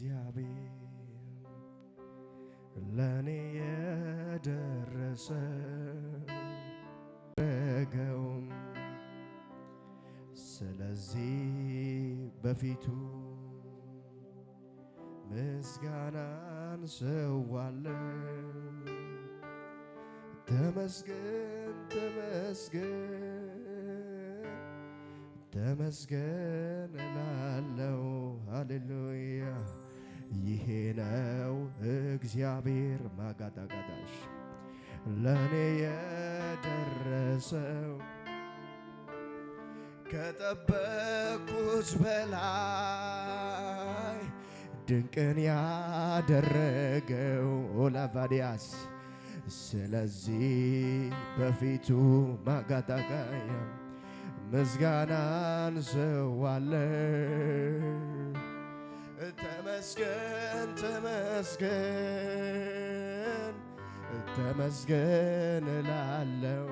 እግዚአብሔር ለእኔ የደረሰ ረገውም ስለዚህ በፊቱ ምስጋናን ሰዋለን። ተመስገን ተመስገን ተመስገን እላለው እግዚአብሔር ማጋዳጋዳሽ ለእኔ የደረሰው ከጠበቅኩት በላይ ድንቅን ያደረገው ኦላቫዲያስ ስለዚህ በፊቱ ማጋዳጋያ ምስጋናን ዘዋለ ተመስገን ተመስገን ተመስገን እላለው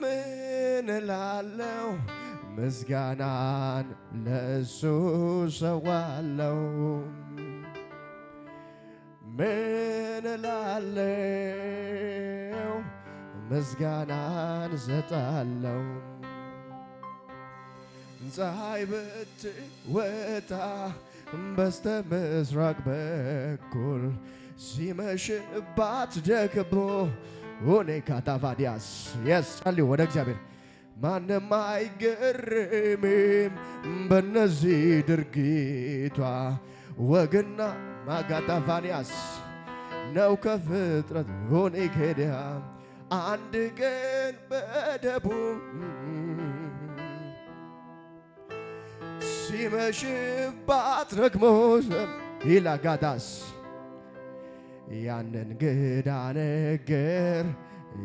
ምን እላለው ምስጋናን ለእሱ ሰዋለው ምን እላለው ምስጋናን ሰጣለው። ፀሐይ ብትወጣ በስተ ምስራቅ በኩል ሲመሽባት ደግሞ ሆኔ ካታፋዲያስ የስ ጸልዩ ወደ እግዚአብሔር ማንም አይገርምም በነዚህ ድርጊቷ ወግና ማጋታፋንያስ ነው ከፍጥረት ሆኔ ከዲያ አንድ ቀን በደቡብ ሲመሽባት ረግሞ ይላጋዳስ ያንን ግዳ ነገር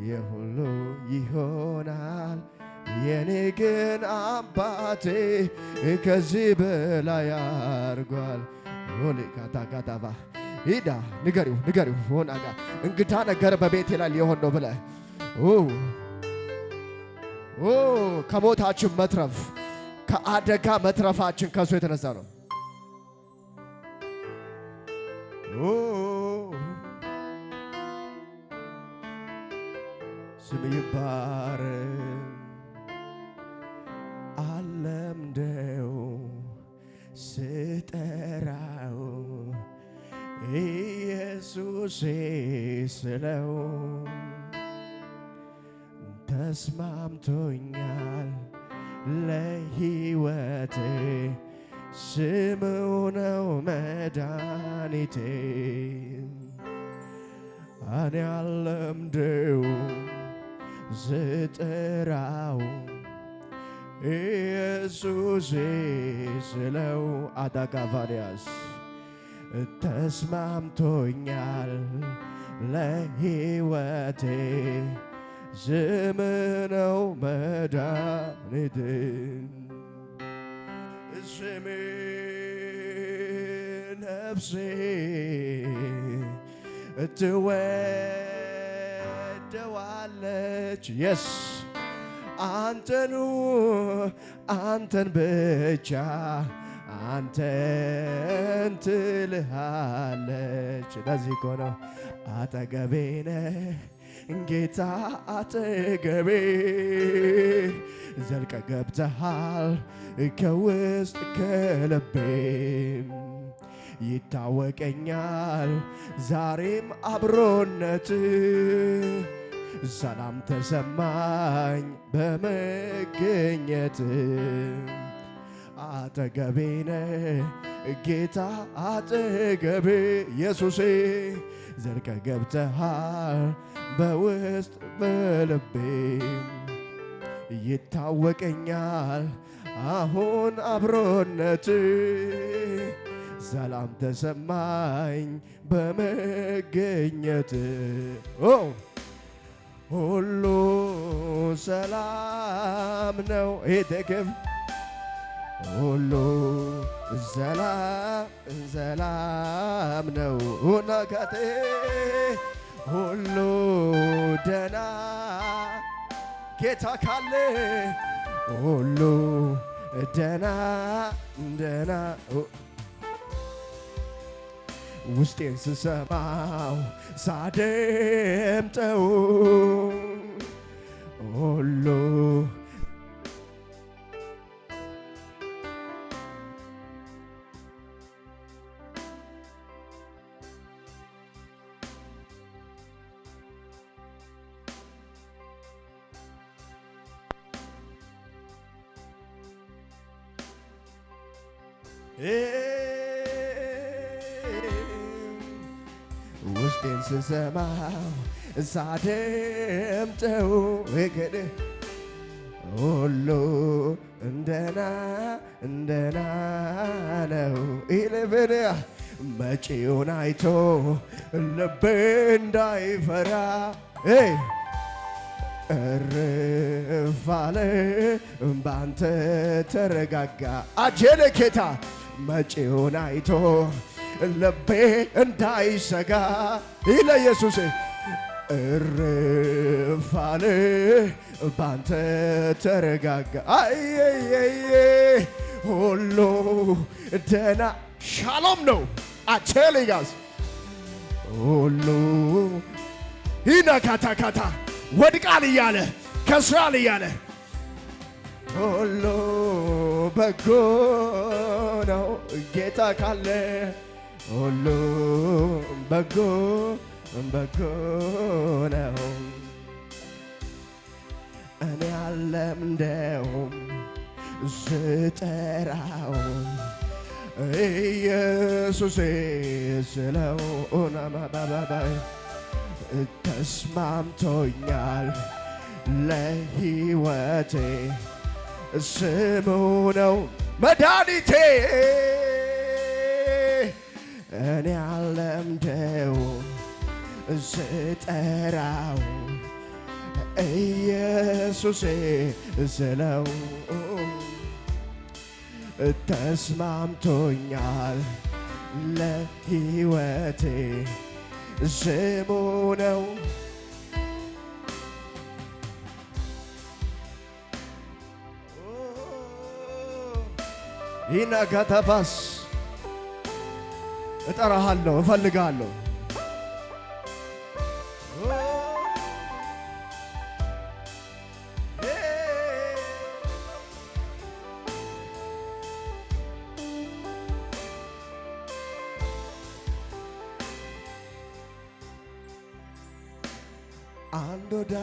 የሁሉ ይሆናል የኔ ግን አባቴ ከዚህ በላይ አርጓል። ሆሌ ጋዳ ጋዳባ ሂዳ ንገሪው ንገሪው ሆና ጋ እንግዳ ነገር በቤቴ ላይ ሊሆን ነው ብለ ከሞታችን መትረፍ ከአደጋ መትረፋችን ከእሱ የተነሳ ነው። ስም ይባረ አለምደው ስጠራው ኢየሱሴ ስለው ተስማምቶኛል ለሕይወቴ ስም ነው መድኃኒቴ። እኔ አለምደው ስጠራው ኢየሱሴ ስለው አዳጋቫሪያስ ተስማምቶኛል ለሕይወቴ ዝምነው መድኃኒቴን ስሜ ነፍሴ ትወደዋለች የስ አንተኑ አንተን ብቻ አንተን ትልሃለች። በዚህ አጠገቤ ነህ ጌታ አጠገቤ ዘልቀ ገብተሃል ከውስጥ ከልቤ ይታወቀኛል ዛሬም አብሮነት ሰላም ተሰማኝ በመገኘት አጠገቤ ነህ ጌታ አጠገቤ ኢየሱሴ ዘልቀ ገብተሃል በውስጥ በልቤ ይታወቀኛል አሁን አብሮነት ሰላም ተሰማኝ በመገኘት ሁሉ ሰላም ነው። ይህ ሁሉ ዘላም ዘላም ነው ነከቴ ሁሉ ደና ጌታ ካለ ሁሉ ደና ደና ውስጤን ስሰማው ሳደምጠው ሁሉ ውስጤን ስሰማው ሳደምጠው እግድ ሁሉ እንደና እንደና ነው ኢልብን መጪውን አይቶ ልብ እንዳይፈራ እርፍ ባንተ ተረጋጋ አጀለ ኬታ መጪውን አይቶ ልቤ እንዳይሰጋ ይለ ኢየሱሴ እርፋል ባንተ ተረጋጋ አየየየ ሁሉ ደና ሻሎም ነው አቼሊጋዝ ሁሉ ይና ካታ ወድቃል እያለ ከስራል እያለ ሁሉ በጎ ነው ጌታ ካለ ሁሉም በጎ በጎ ነው። እኔ አለምደውም ስጠራው ኢየሱሴ ስለው ናማባባይ ተስማምቶኛል ለሕይወቴ ስሙ ነው መድኃኒቴ እኔ አለምደው ስጠራው ኢየሱሴ ስለው ተስማምቶኛል ለሕይወቴ ስሙ ነው ይናጋታፋስ እጠራሃለሁ፣ እፈልግሃለሁ። አንድ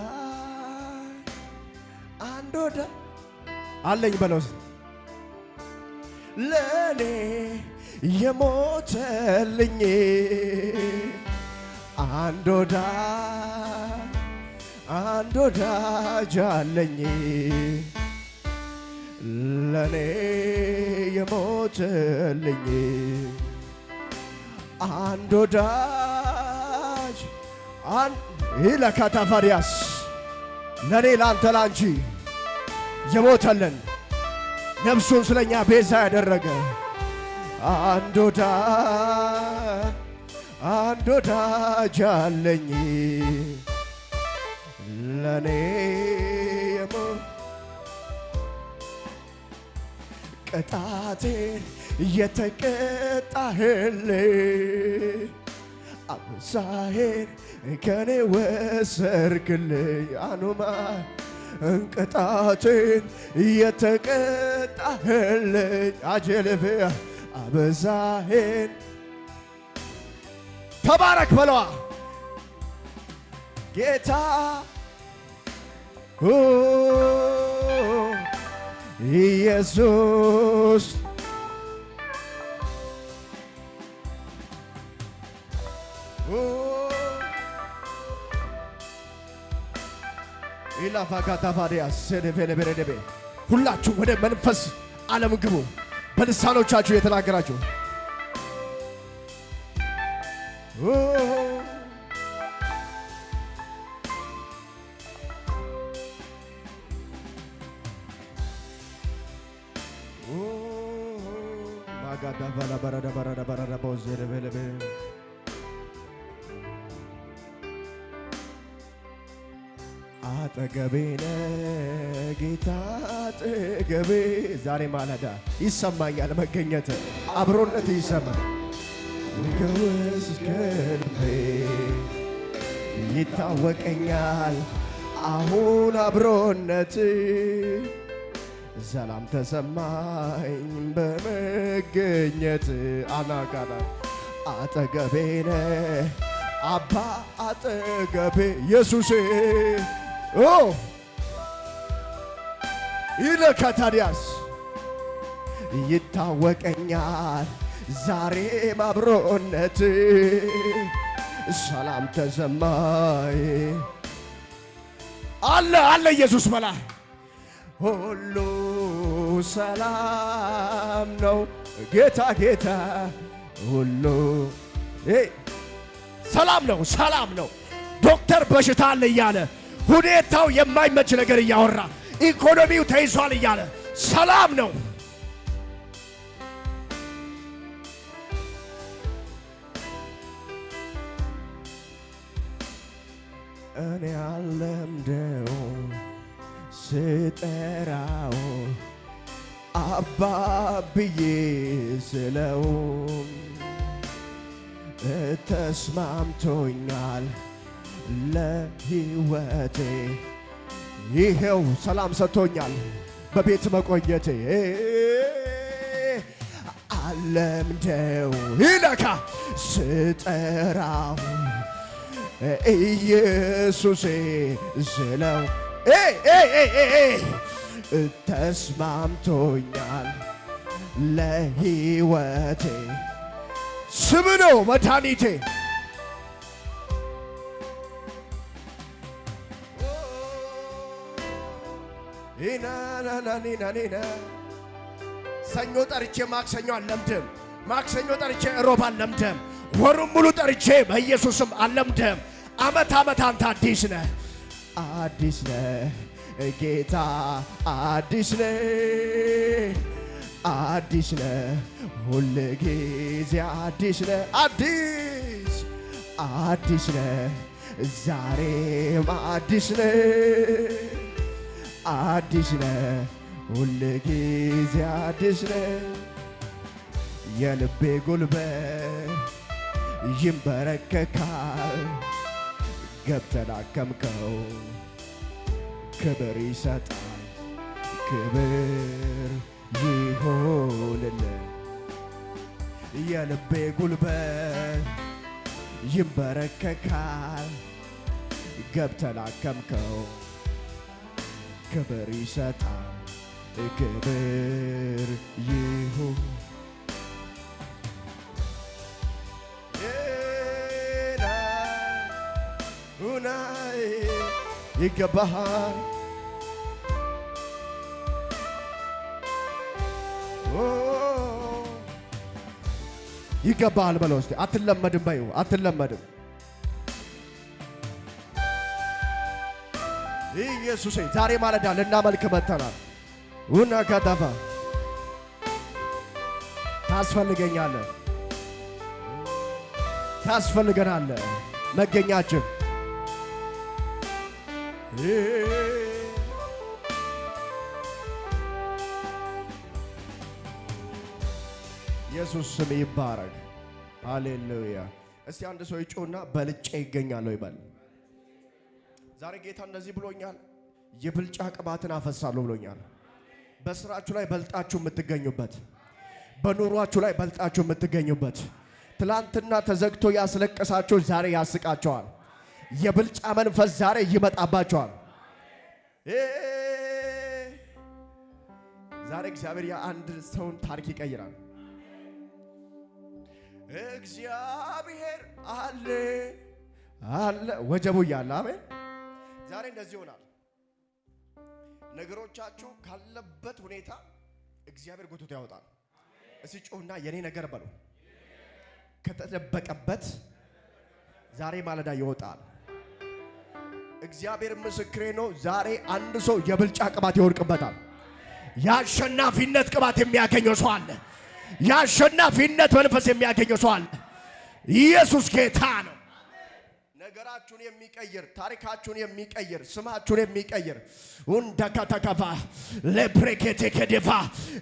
አንድ አለኝ በለው ለኔ የሞተልኝ አንድ ወዳጅ አንድ ወዳጅ አለኝ ለኔ የሞተልኝ አንድ ወዳጅ ይህ ለከተፈሪያስ ለእኔ ለአንተ ላንቺ የሞተልን ነፍሱን ስለኛ ቤዛ ያደረገ አንድ ወዳጅ አንድ ወዳጅ አለኝ ለኔ የሞት ቅጣቴን የተቀጣህልኝ አምሳዬን ከኔ ወሰርክልኝ አኑማ እንቅጣቴን የተቀጣህልኝ አጀልብያ አበዛሄን ተባረክ በለዋ ጌታ ኢየሱስ ኢላፋካታፋዲያ ሴደፌለቤረደቤ ሁላችሁ ወደ መንፈስ ዓለም ግቡ። በልሳኖቻችሁ የተናገራችሁ አጠገቤ ነህ ጌታ አጠገቤ ዛሬ ማለዳ ይሰማኛል መገኘት አብሮነት ይሰማ ገወስከልቤ ይታወቀኛል አሁን አብሮነት ሰላም ተሰማኝ በመገኘት አናጋና አጠገቤ ነ አባ አጠገቤ ኢየሱሴ ይለካ ታዲያስ ይታወቀኛል ዛሬ ማብሮነት ሰላም ተሰማይ አለ አለ ኢየሱስ በላ ሁሉ ሰላም ነው ጌታ ጌታ ሁሉ ሰላም ነው ሰላም ነው ዶክተር በሽታ አለ እያለ ሁኔታው የማይመች ነገር እያወራ ኢኮኖሚው ተይዟል እያለ ሰላም ነው። እኔ አለምደው ስጠራው አባ ብዬ ስለው ተስማምቶኛል ለሕይወቴ ይሄው ሰላም ሰጥቶኛል በቤት መቆየቴ አለምደው ይለካ ስጠራው ኢየሱሴ ስለው ተስማምቶኛል ለሕይወቴ ስም ነው መድኃኒቴ ኢናናናኒናኒና ሰኞ ጠርቼ ማክሰኞ አለምድም፣ ማክሰኞ ጠርቼ እሮብ አለምድም፣ ወሩም ሙሉ ጠርቼ በኢየሱስም አለምድም። አመት አመት አንተ አዲስ ነህ፣ አዲስ ነህ ጌታ፣ አዲስ ነህ፣ አዲስ ነህ፣ ሁል ጊዜ አዲስ ነህ፣ አዲስ አዲስ ነህ፣ ዛሬም አዲስ ነህ አዲስ ነ ሁል ጊዜ አዲስ ነ የልቤ ጉልበት ይንበረከካል ገብተህ ክብር ይሰጣል። ክብር ይሆንልህ የልቤ ጉልበት ይንበረከካል ገብተህ ክብር ይሰጣል። ክብር ይሁን ኡናይ ይገባሃል ይገባሃል በለው እስቲ አትለመድም በይው አትለመድም ኢየሱስ ዛሬ ማለዳ ልናመልክ መጥተናል። ውና ከተፋ ታስፈልገኛለህ፣ ታስፈልገናለህ መገኛችን ኢየሱስ ስም ይባረክ። ሃሌሉያ። እስቲ አንድ ሰው ይጮና በልጬ ይገኛለሁ ይበል። ዛሬ ጌታ እንደዚህ ብሎኛል፣ የብልጫ ቅባትን አፈሳለሁ ብሎኛል። በስራችሁ ላይ በልጣችሁ የምትገኙበት፣ በኑሯችሁ ላይ በልጣችሁ የምትገኙበት፣ ትላንትና ተዘግቶ ያስለቀሳችሁ ዛሬ ያስቃቸዋል። የብልጫ መንፈስ ዛሬ ይመጣባቸዋል። ዛሬ እግዚአብሔር የአንድ ሰውን ታሪክ ይቀይራል። እግዚአብሔር አለ አለ ወጀቡ እያለ አሜን ዛሬ እንደዚህ ይሆናል። ነገሮቻችሁ ካለበት ሁኔታ እግዚአብሔር ጎትቶ ያወጣል። እስ ጮህና የኔ ነገር በሉ ከተደበቀበት ዛሬ ማለዳ ይወጣል። እግዚአብሔር ምስክሬ ነው። ዛሬ አንድ ሰው የብልጫ ቅባት ይወድቅበታል። የአሸናፊነት ቅባት የሚያገኘው ሰው አለ። የአሸናፊነት መንፈስ የሚያገኘው ሰው አለ። ኢየሱስ ጌታ ነው። ነገራችሁን የሚቀይር ታሪካችሁን የሚቀይር ስማችሁን የሚቀይር ውንደከተከፋ ለብሬኬቴኬዴፋ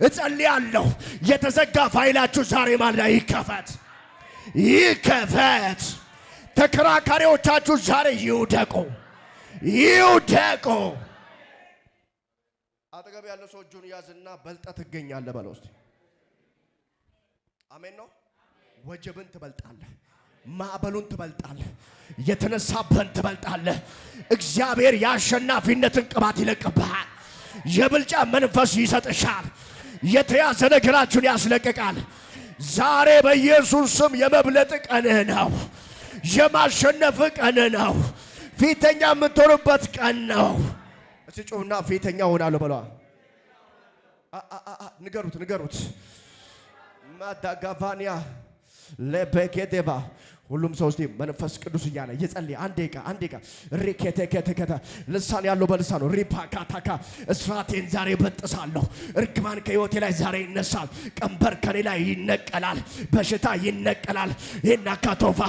እጸልያለሁ። የተዘጋ ፋይላችሁ ዛሬ ማለዳ ይከፈት ይከፈት። ተከራካሪዎቻችሁ ዛሬ ይውደቁ ይውደቁ። አጠገብ ያለ ሰው እጁን ያዝና በልጠ ትገኛለህ በለው አሜን ነው። ወጀብን ትበልጣለህ ማዕበሉን ትበልጣለ። የተነሳብህን ትበልጣለ እግዚአብሔር የአሸናፊነትን ቅባት ይለቅብሃል። የብልጫ መንፈስ ይሰጥሻል። የተያዘ ነገራችሁን ያስለቅቃል። ዛሬ በኢየሱስ ስም የመብለጥ ቀን ነው። የማሸነፍ ቀን ነው። ፊተኛ የምትሆንበት ቀን ነው። እስቲ ጩና ፊተኛ ሆናለሁ በለዋ። ንገሩት፣ ንገሩት ማዳጋቫንያ ለቤጌዴባ ሁሉም ሰው እስቲ መንፈስ ቅዱስ እያለ እየጸለየ አንዴ ቃ አንዴ ቃ ሪኬቴ ከተ ልሳን ያለው በልሳኑ ሪፓ ካታካ እስራቴን ዛሬ በጥሳለሁ። እርግማን ከህይወቴ ላይ ዛሬ ይነሳል። ቀንበር ከኔ ላይ ይነቀላል። በሽታ ይነቀላል። ይህና ካቶፋ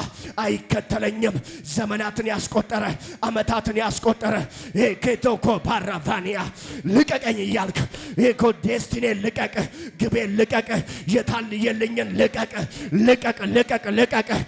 አይከተለኝም። ዘመናትን ያስቆጠረ አመታትን ያስቆጠረ ይሄ ኬቶኮ ፓራቫኒያ ልቀቀኝ እያልክ ይሄ ኮ ዴስቲኔ ልቀቅ፣ ግቤ ልቀቅ፣ የታልየልኝን ልቀቅ፣ ልቀቅ፣ ልቀቅ፣ ልቀቅ